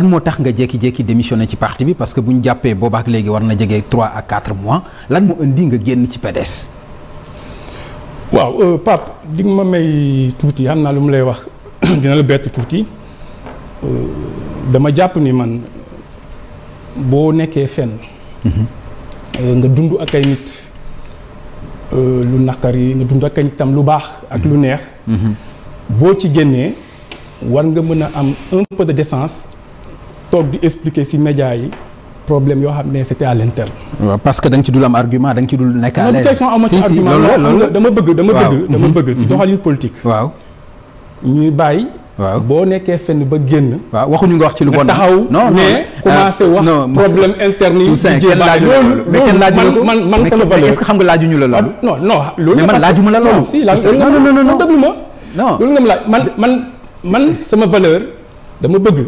lan moo tax nga jékki-jékki démissionné ci parti bi parce que bu ñu jàppee boobaak léegi war na jege 3 à 4 mois lan moo indi nga génn ci PDS. waaw euh, Pape di ma may tuuti xam naa lu mu lay wax dina la bett tuuti euh, dama jàpp ni man boo nekkee fenn. Mhm. Euh, nga dund ak ay nit. lu naqar nga dund ak kañ tam lu baax ak lu mhm. neex. Mhm. boo ci génnee war nga mën a am un peu de décence toog di expliquer ci média yi problème yoo xam ne c'était à l'interne. waaw parce que da nga ci dul am argument da nga ci dul nekk à l'aise. si si bëgg dama bëgg. dama bëgg mhm. ci mhm. doxalin politique. waaw boo nekkee fenn ba génn. waaw waxuñu nga wax ci lu bon. taxaw mais euh, commencé wax problème interne yi. jéem a loolu loolu man man man. mais est-ce que xam la loolu. Ah, non non mais la loolu. ma. ma man sama valeur dama bëgg.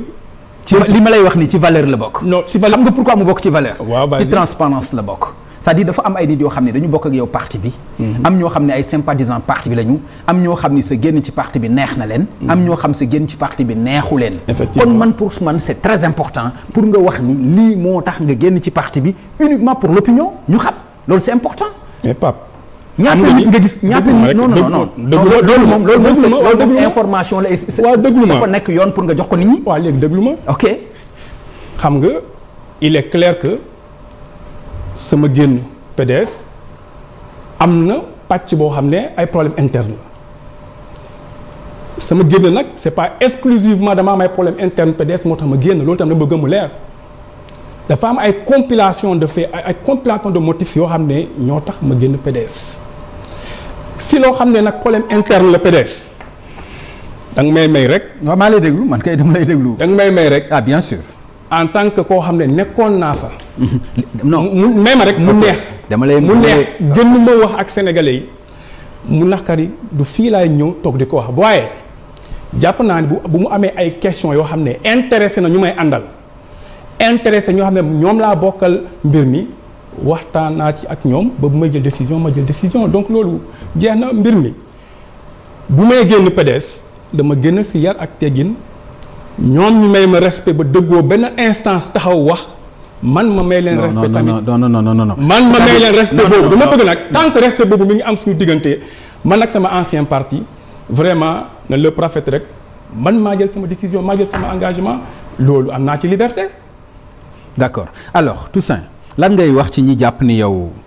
ci li ma lay wax ni ci valeur la bokk. non si valeur xam nga pourquoi mu bokk ci valeur. ci transparence la bokk. cest à dafa am ay nit yoo xam ne dañu bokk ak yow parti bi. Mhm. am ñoo xam ne ay sympathisants parti bi lañu. am ñoo xam ni sa génn ci parti bi neex na leen. Mhm. am ñoo xam sa génn ci parti bi neexu leen. kon man pour man c'est très important pour nga wax ni lii moo tax nga génn ci parti bi uniquement pour l'opinion ñu xam loolu c'est important. mais Pape. ñaata nit nga gis ñaata nit non non non loolu moom loolu moom loolu moom la waaw déglu ma dafa nekk yoon pour ko nit ñi waaw léegi déglu ma ok xam nga il est clair que sama génn PDS am na pàcc boo xam ne ay problème interne sama génn nag c'est pas exclusivement dama am ay problème interne PDS moo tax ma génn loolu tam dama bëgg mu leer dafa am ay compilation de faits ay compilation de motifs yoo xam ne ñoo tax ma génn PDS si loo xam ne nag problème interne la PDS da may may rek. waaw maa lay déglu man kay dama lay déglu. da may may rek. ah en tant que koo xam ne nekkoon naa fa. Mm-hmm. non mu may rek mu neex. dama lay mu neex génn ma wax ak sénégalais yi mu naqari du fii laay ñëw toog di ko wax waaye jàpp naa ne bu bu mu amee ay questions yoo xam ne intéressé na ñu may àndal. intéressé ñoo xam ne ñoom laa bokkal mbir mi waxtaan naa ci ak ñoom ba bu may jël décision ma jël décision donc loolu jeex na mbir mi bu may génn PDS dama génn si yar ak teggin ñoom ñu may ma respect ba dëggoo benn instance taxaw wax man ma may leen respect tamit non non non non man ma may leen respect boobu dama bëgg nag tant que respect boobu mi ngi am suñu diggante man ak sama ancien parti vraiment na le prophète rek man maa jël sama décision maa jël sama engagement loolu am naa ci liberté d' accord alors Toussaint lan ngay wax ci ñi jàpp ni yow